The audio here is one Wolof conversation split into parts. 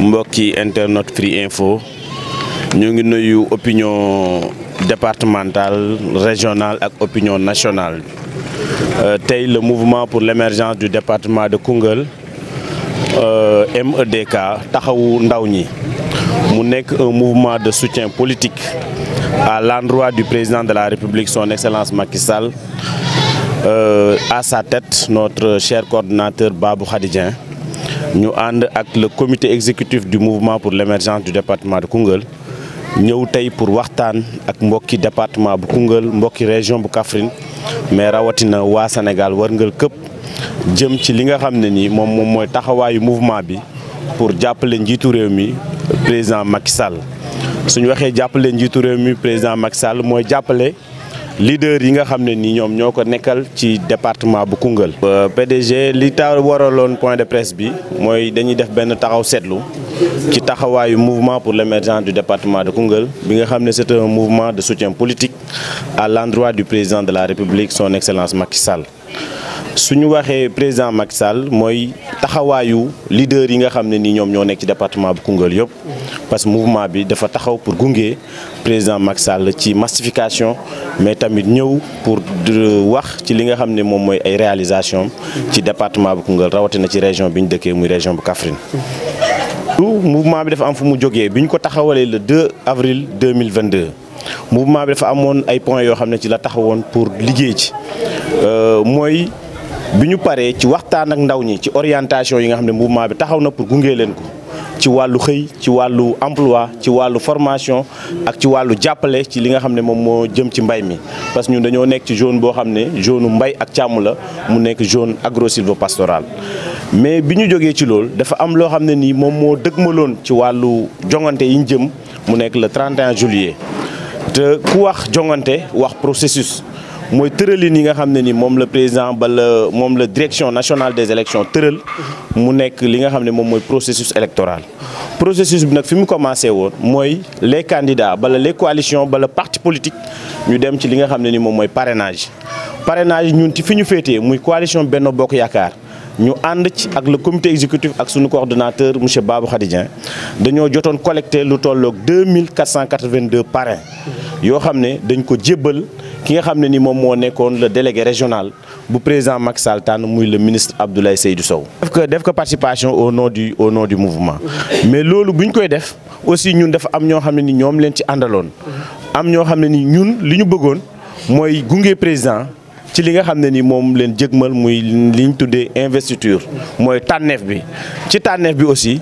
mbokki internet free info Nous avons une opinion départementale régionale et opinion nationale C'est euh, le mouvement pour l'émergence du département de Kungel euh, MEDK taxawu ndaw un mouvement de soutien politique à l'endroit du président de la République son excellence Macky Sall euh, à sa tête notre cher coordinateur Babou Khadidien. Nous avons le comité exécutif du mouvement pour l'émergence du département de Kungel. ñëw tey pour waxtaan ak mbokki département bu Koungheul mbokki région bu Kaffrine mais rawatina waa Sénégal wërngal këpp jëm ci li nga xam ne nii moom moom mooy taxawaayu mouvement bi pour jàppale njiitu réew mi président Macky Sall suñu waxee jàppale njiitu réew mi président Macky Sall mooy jàppale. leader yi nga xamné ni ñom ñoko nekkal département bu Kungal PDG li ta waralon point de presse bi moy dañuy def taxaw ci mouvement pour l'émergence du département de Koungheul bi nga c'est un mouvement de soutien politique à l'endroit du président de la République son excellence Macky Sall suñu waxé président Macky Sall mooy taxawaayu leader yi nga xamné ni ñom ñoo nekk ci département bu Koungheul yop parce mouvement bi dafa taxaw pour gunge président Macky Sall ci massification mais tamit ñew pour euh, wax ci li nga xamné mom moy ay réalisation ci département bu Koungheul na ci région biñu ñu muy région bu Kaffrine mouvement bi dafa am fu mu joggé biñ ko taxawalé le 2 avril 2022 mouvement bi dafa amone ay points yo xamné ci la taxawone pour liggéey ci euh moy bi ñu paree ci waxtaan ak ndaw ñi ci orientation yi nga xam ne mouvement bi taxaw na pour gunge leen ko ci wàllu xëy ci wàllu emploi ci wàllu formation ak ci wàllu jàppale ci li nga xam ne moom moo jëm ci mbay mi parce que ñun dañoo nekk ci zone boo xam ne zone mbay ak càmm mu nekk zone agro-sylvo-pastorale mais bi ñu jógee ci loolu dafa am loo xam ne nii moom moo dëgg dëgmaloon ci wàllu jongante yi ñu jëm mu nekk le 31 juillet te ku wax jongante wax processus moy tëralin yi nga xamné ni mom le président ba le mom le direction nationale des élections tëral mu nek li nga xamné mom moy processus électoral processus bi nak fi mu commencé woon moy les candidats bal, les coalitions bala parti politique ñu dem ci li nga xamné ni mom moy parrainage parrainage ñun ci fi ñu féetee muy coalition Benno Bokk Yakar. Nous avons ci le comité exécutif et son coordonnateur M. Babou Khadidien Nous avons collecté 2482 parrains Nous avons le délégué régional Le président Max Saltan, le ministre Abdoulaye Seydou Sow. def participation au nom du nom du mouvement mais nous aussi ñun ci li nga xamné ni mom leen muy liñ tuddé investiture aussi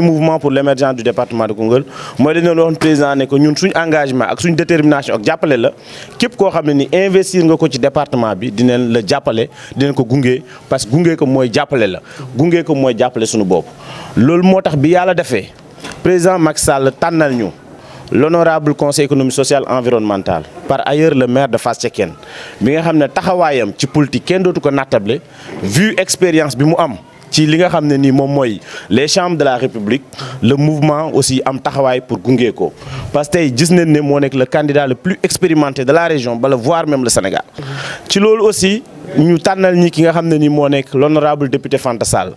mouvement pour l'émergence du département de Congo. Nous avons un président né ko ñun suñ engagement ak suñ détermination ak jappalé la képp ko ni investir nga ko ci département bi dinañ la dinañ ko parce que gungé ko moy jappalé la gungé ko moy jappalé suñu bop lool motax bi yalla défé président Macky Sall l'honorable conseil économique social et environnemental par ailleurs le maire de Fass mais bi nga xam ne ci politique qui dootu ko vu l'expérience bi mu am ci les chambres de la république le mouvement aussi am taxawaay pour Gungeko. parce que tey gis le candidat le plus expérimenté de la région voire même le Sénégal ci ce, aussi ñu tànnal l'honorable député Fantassal,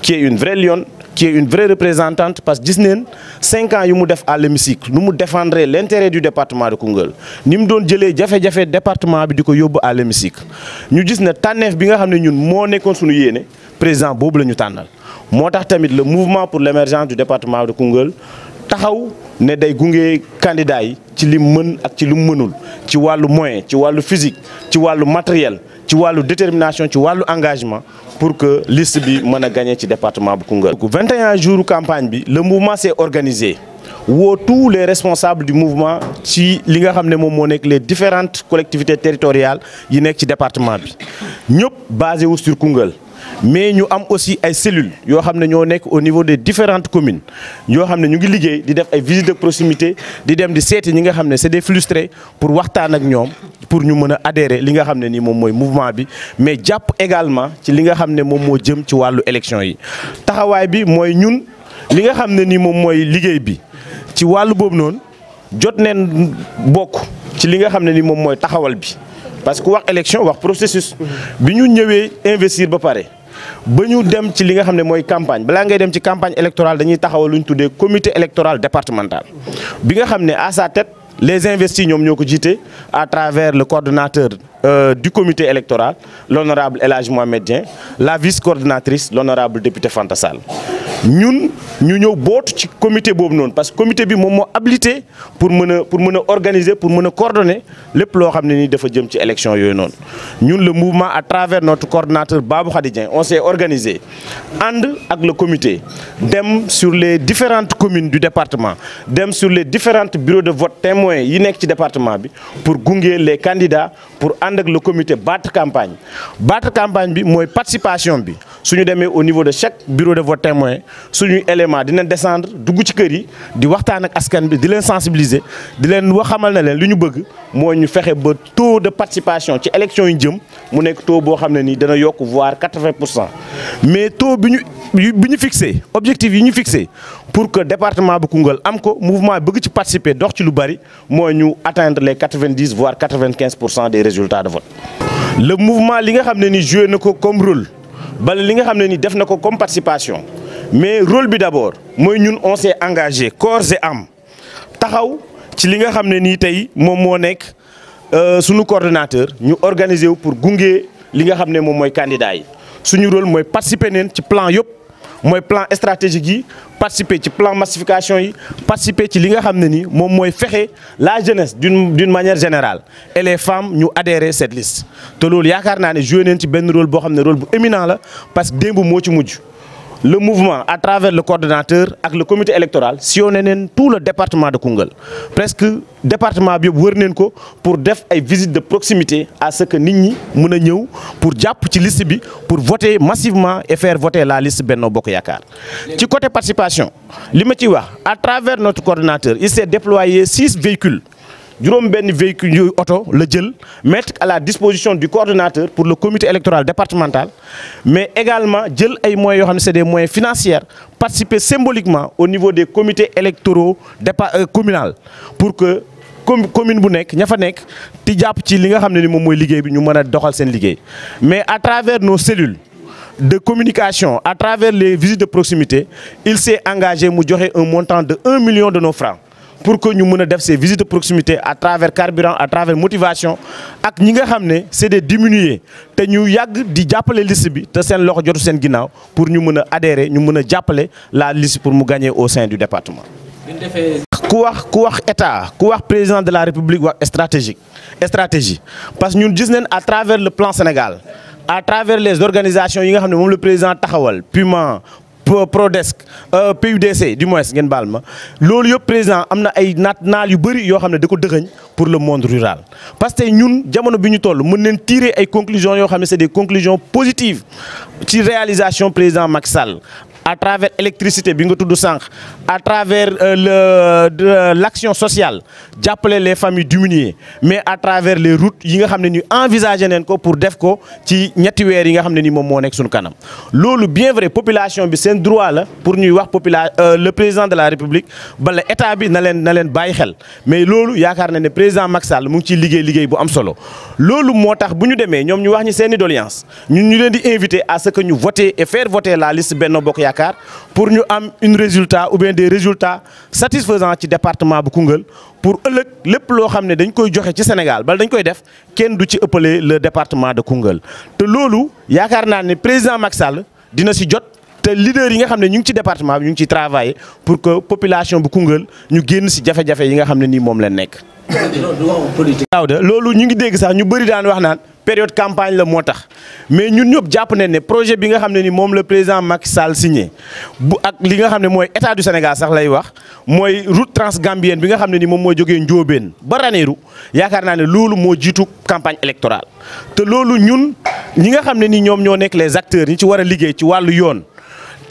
qui est une vraie lionne qui est une vraie représentante parce que gis 5 cinq ans nous mu def à l'hémicycle nous mu défendre l'intérêt du département de Koungheul nous mu doon jëlee jafe-jafe département bi di ko à l'hémicycle ñu gis ne tànneef bi nga xam ne ñun moo nekkoon suñu yéene président boobu la ñu tànnal tamit le mouvement pour l'émergence du département de Koungheul taxaw ne day gunge candidat yi ci li mën ak ci lu mënul ci le moyen ci wàllu physique ci wàllu matériel ci wàllu détermination ci wàllu engagement pour que liste bi le gagner ci département bu Kungal 21 jours campagne le mouvement s'est organisé tous les responsables du mouvement ci li nga les différentes collectivités territoriales yi nek ci département bi ñëpp basé wu sur Kungel. mais ñu am aussi ay cellules yoo xam ne ñoo nekk au niveau des différentes commune yoo xam ne ñu ngi liggéey di def ay visites de proximité di dem di seeti ñi nga xam ne c'est des frustrés pour waxtaanak ñoom pour ñu mën a adhérer li nga xam ne nii moom mooy mouvement bi mais jàpp également ci li nga xam ne moom moo jëm ci wàllu élection yi taxawaay bi mooy ñun li nga xam ne nii moom mooy liggéey bi ci wàllu boobu noonu jot neen bokk ci li nga xam ne ni moom mooy taxawal bi parce que l'élection, le processus si nous investir ba pare ba dem ci li campagne campagne électorale nous devons faire un comité électoral départemental bi nga à sa tête les investissements à travers le coordonnateur euh, du comité électoral l'honorable Elage Mohamedien, la vice coordinatrice l'honorable député Fantassal. Nous, nous nous bootu ci comité bobnon, parce que comité bi habilité pour pour organiser pour coordonner les pleurs qui ont ni dafa jëm ci élection Nous, le mouvement à travers notre coordinateur Babou Khadidien on s'est organisé and avec le comité dem sur les différentes communes du département dem sur les différents bureaux de vote témoins yi département pour gonger les candidats pour ànd le comité battre campagne battre campagne bi moy participation bi su ñu au niveau de chaque bureau de vote témoin suñuy élément dina descendre dugg ci kër yi di waxtaan ak askan bi di leen sensibiliser di leen wax na leen luñu bëgg moo ñu ba taux de participation ci élection yi jëm mu nekk taux bo xamné ni nii dana yok voir 80 pour cent mais taux biñu biñu fixé objectif yi ñu fixé pour que le département de Koungheul am mouvement bëgg ci participer dox ci lu bari moy ñu atteindre les 90 voire 95% des résultats de vote. le mouvement li nga comme rôle bal li nga xamné comme participation mais rôle bi d'abord moy ñun on s'est engagé corps et âme taxaw ci li nga xamné ni tay mom mo nek euh suñu coordinateur ñu organiser pour gungé li nga xamné mom moy candidat yi suñu rôle moy participer à ci plan moy plan stratégique participer ci plan massification yi participer ci li nga xamné ni la jeunesse d'une manière générale et les femmes ñu adhérer cette liste té lool yakarna né jouer joué ci rôle éminent parce que ci le mouvement à travers le coordonnateur avec le comité électoral sillonné tout le département de Koungheul presque département bi pour def ay visites de proximité à ce que nit ñi pour pour voter massivement et faire voter la liste Benno Bokk yakar ci côté participation li à travers notre coordinateur, il s'est déployé six véhicules nous véhicule auto, le mettre à la disposition du coordonnateur pour le comité électoral départemental mais également jël ay moyens des moyens financiers participer symboliquement au niveau des comités électoraux communaux. Euh, communal pour que commune bu mais à travers nos cellules de communication à travers les visites de proximité il s'est engagé à un montant de 1 million de nos francs pour que nous puissions faire ces visites de proximité à travers carburant à travers motivation Et ñi nga que c'est de diminuer. Et ñu avons di la liste bi loxo jotu pour nous nous adhérer nous puissions appeler la liste pour nous gagner au sein du département. Quoi wax ku wax état ku président de la république est stratégique parce que nous disons à travers le plan Sénégal à travers les organisations yi nga le président Tahawal, PUMA Prodesk, euh, PUDC du moins ngeen baal ma loolu yëpp président am na ay naat naal yu bëri yoo xam pour le monde rural parce que ñun jamono bi ñu toll conclusion yo tirer ay conclusions yoo xam c'est des conclusions positives ci réalisation président Macky Sall à travers l'électricité à travers euh, le euh, l'action sociale d'appeler les familles diminuées mais à travers les routes nous avons envisagé pour def ko ci ñetti weer yi nga xam ni bien vrai population a un droit pour nous voir euh, le président de la république balé état bi na leen mais loolu qui na le président Maxal, qui mu ngi ciy liggéey bu am solo loolu nous buñu démé ñom une ñu wax ni ñun ñu invité à ce que nous voter et faire voter la liste Benno Bokk Dakar pour ñu am une résultat ou bien des résultats satisfaisants ci département bu Koungheul pour ëllëg lépp loo xam ne dañ koy joxe ci Sénégal Bal dañ koy def kenn du ci ëppale le département de Koungheul te loolu yaakaar naa ne président Macky Sall dina si jot te leader yi nga xam ñu ci département bi ñu ngi travailler pour que population bu Koungheul ñu génn si jafe-jafe yi nga xam ne nii moom leen nekk. waaw de loolu ñu ngi dégg sax ñu bëri daan wax naan période campagne le motax mais ñun ñop japp nañ ne projet bi nga xamné ni mom le président Macky Sall signé ak li nga xamné moy état du Sénégal sax lay wax moy route transgambienne bi nga xamné ni mom moy joggé Ndiobène ba Ranérou yaakaar naa ne loolu moo campagne électorale té lolu ñun ñi nga xamné ni ñom ñoo nek les acteurs ñi ci wara liggé ci walu yoon.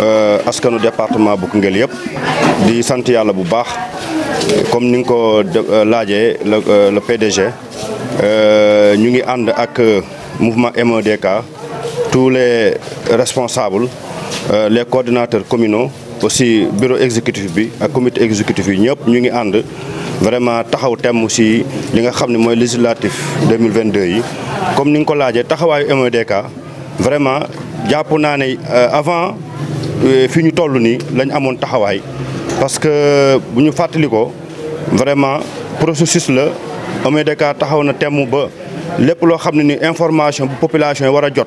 Euh, askanu département bu Koungheul yëpp di sant Yalla bu baax comme ni nga ko euh, le euh, PDG ñu ngi and ak mouvement MDK e tous les responsables les coordinateurs communaux aussi bureau exécutif bi ak comité exécutif yi ñëpp ñu ngi and vraiment taxaw tém aussi li nga xam moy législatif 2022 yi comme ni nga ko laajee taxawaayu MEDK vraiment a naa avant Euh, fi ñu tollu ni lañ amone taxaway parce que buñu fateliko vraiment processus la amé deka taxawna temu ba lepp lo xamni ni information bu population wara jot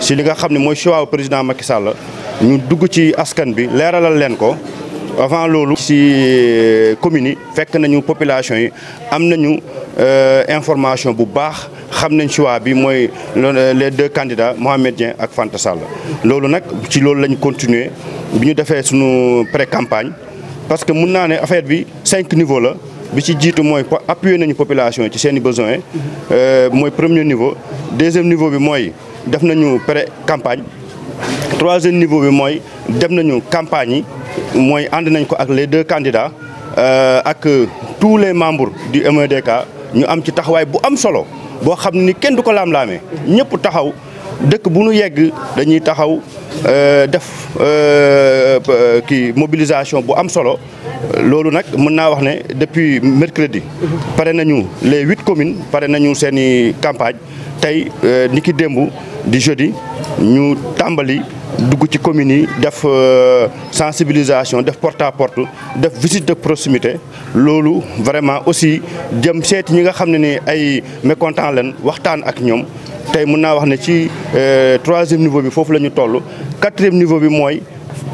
ci li nga xamni moy choix président Macky Sall ñu dugg ci askan bi leralal len ko avant nous avons euh, communiqué avec fekk population nous avons euh, information bu baax xam nañ les deux candidats Mohamed et ak Nous Sall continué à ci loolu continuer pré campagne parce que nous avons fait affaire bi cinq niveaux la bi ci appuyer la population ci ses besoins, besoins euh, moi premier niveau deuxième niveau bi mooy def pré campagne troisième niveau bi mooy dem nañu campagne mooy ànd nañ ko ak les deux candidats euh, ak tous les membres du MEDK ñu am ci taxawaay bu am solo boo xam ni kenn du ko laam-laamee ñëpp taxaw dëkk bu nu yegg dañuy taxaw euh, def euh, kii mobilisation bu am solo loolu nag mën naa wax ne depuis mercredi pare nañu les huit communes pare nañu seen i campagne tey ni ki démb di jeudi ñu tambali dugg ci communes yi def euh, sensibilisation def porte à porte def visite de proximité loolu vraiment aussi jëm seeti ñi nga xam ne ni ay mécontents leen waxtaan ak ñoom tey mun wax ne ci euh, troisième niveau bi foofu le ñu toll quatrième niveau bi moy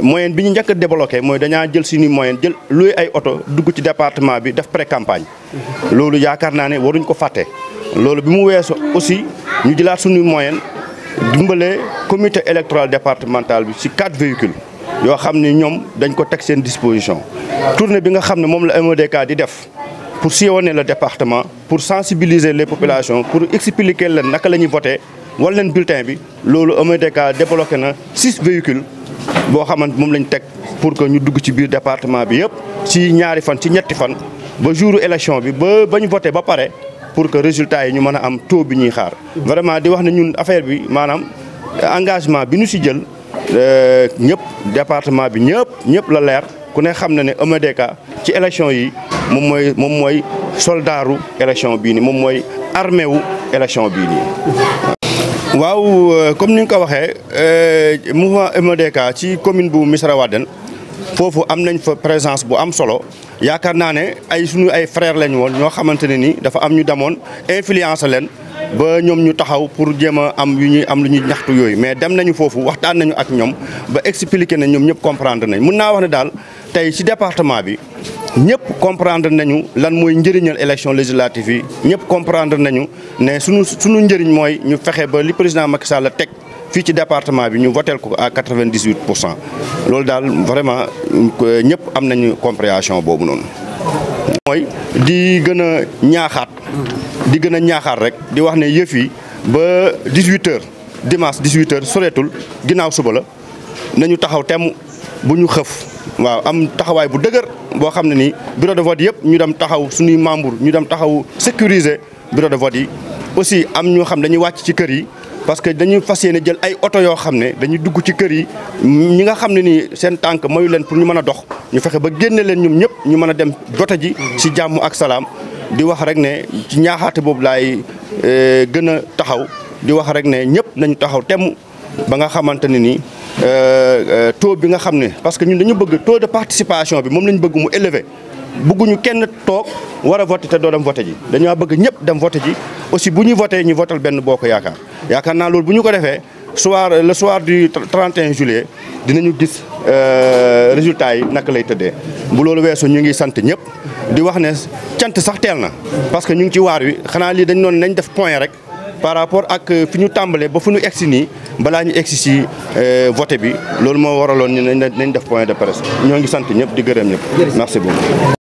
moyenne bi ñu njëkk a débloqué mooy jël suñu moyenne jël luy ay auto dugg ci département bi def pré campagne lolu yaakaar naa ne waruñ ko faté lolu bi mu aussi ñu jëlaat suñu moyenne dimbale comité électoral départemental bi ci quatre véhicules yo xam ñom dañ ko tek seen disposition tournée bi nga xam mom la MODK e di def pour sillonner le département pour sensibiliser les populations pour expliquer leen naka la voter, voté wala leen bulletin bi lolu MODK e débloqué na six véhicules boo xamante moom lañ teg pour que ñu dugg ci biir département bi yëpp ci ñaari fan ci ñetti fan ba jouru élection bi ba ba ñu voté ba pare pour que résultat yi ñu mën a am taux bi ñuy xaar. vraiment di wax na ñun affaire bi maanaam engagement bi ñu si jël euh, ñëpp département bi ñëpp ñëpp la leer ku ne xam na ne EMEDK ci élection yi moom mooy moom mooy soldaaru élection bii nii moom mooy armée wu élection bii nii. waaw euh, comme ni nga ko waxee euh, mouvement MDK ci commune bu Missirah Wadène foofu am nañ fa présence bu am solo yaakaar naa ne ay suñu ay frères lañ woon ñoo xamante ne ni dafa am ñu damoon influence leen ba ñoom ñu taxaw pour jéem a am yu ñuy am lu ñuy ñaxtu yooyu mais dem nañu foofu waxtaan nañu ak ñoom ba expliquer nañ ñoom ñëpp comprendre nañ mun naa wax ne daal. tey ci département bi ñëpp comprendre nañu lan mooy njëriñal élection législative yi ñëpp comprendre nañu ne sunu sunu njëriñ mooy ñu fexe ba li président Macky la teg fii ci département bi ñu votel ko à 98 pour cent loolu daal vraiment euh, ñëpp am nañu compréhension boobu noonu. mooy di gën a ñaaxaat di gën a ñaaxaat rek di wax ne yëf yi ba 18 heures dimanche 18 heures soreetul ginnaaw suba la nañu taxaw temm bu ñu xëf. waaw am taxawaay bu dëgër boo xam ne ni bureau de vote yëpp ñu dem taxaw suñuy membre ñu dem taxaw sécuriser bureau de vote yi aussi am ñoo xam dañuy wàcc ci kër yi parce que dañuy fas yéene jël ay oto yoo xam ne dañuy dugg ci kër yi ñi nga xam ne nii seen tànk mayu leen pour ñu mën a dox ñu fexe ba génne leen ñoom ñëpp ñu mën a dem vote ji si jàmm ak salaam di wax rek ne ci ñaaxaate boobu laay euh, gën a taxaw di wax rek ne ñëpp nañu taxaw temm ba nga xamante ne nii Euh, euh, taux bi nga xam ne parce que ñun dañu bëgg taux de participation bi moom lañu bëgg mu élevé bëgguñu kenn toog war a voté te doo dem voté ji dañoo bëgg ñëpp dem voté ji aussi bu ñu voté ñu votal benn boo ko yaakaar yaakaar naa loolu bu ñu ko defee soir euh, le soir du 31 juillet dinañu gis résultat yi naka lay tëddee bu loolu weesu ñu ngi sant ñëpp di wax ne cant sax teel na parce que ñu ngi ci waar wi xanaa lii dañ noonu nañ def point rek par rapport ak euh, fi ñu tàmbalee ba fu ñu egsi nii balaa ñu egsi si euh, vote bi loolu moo waraloon ñu nañ def point de presse ñoo ngi sant ñëpp di gërëm ñëpp merci boobu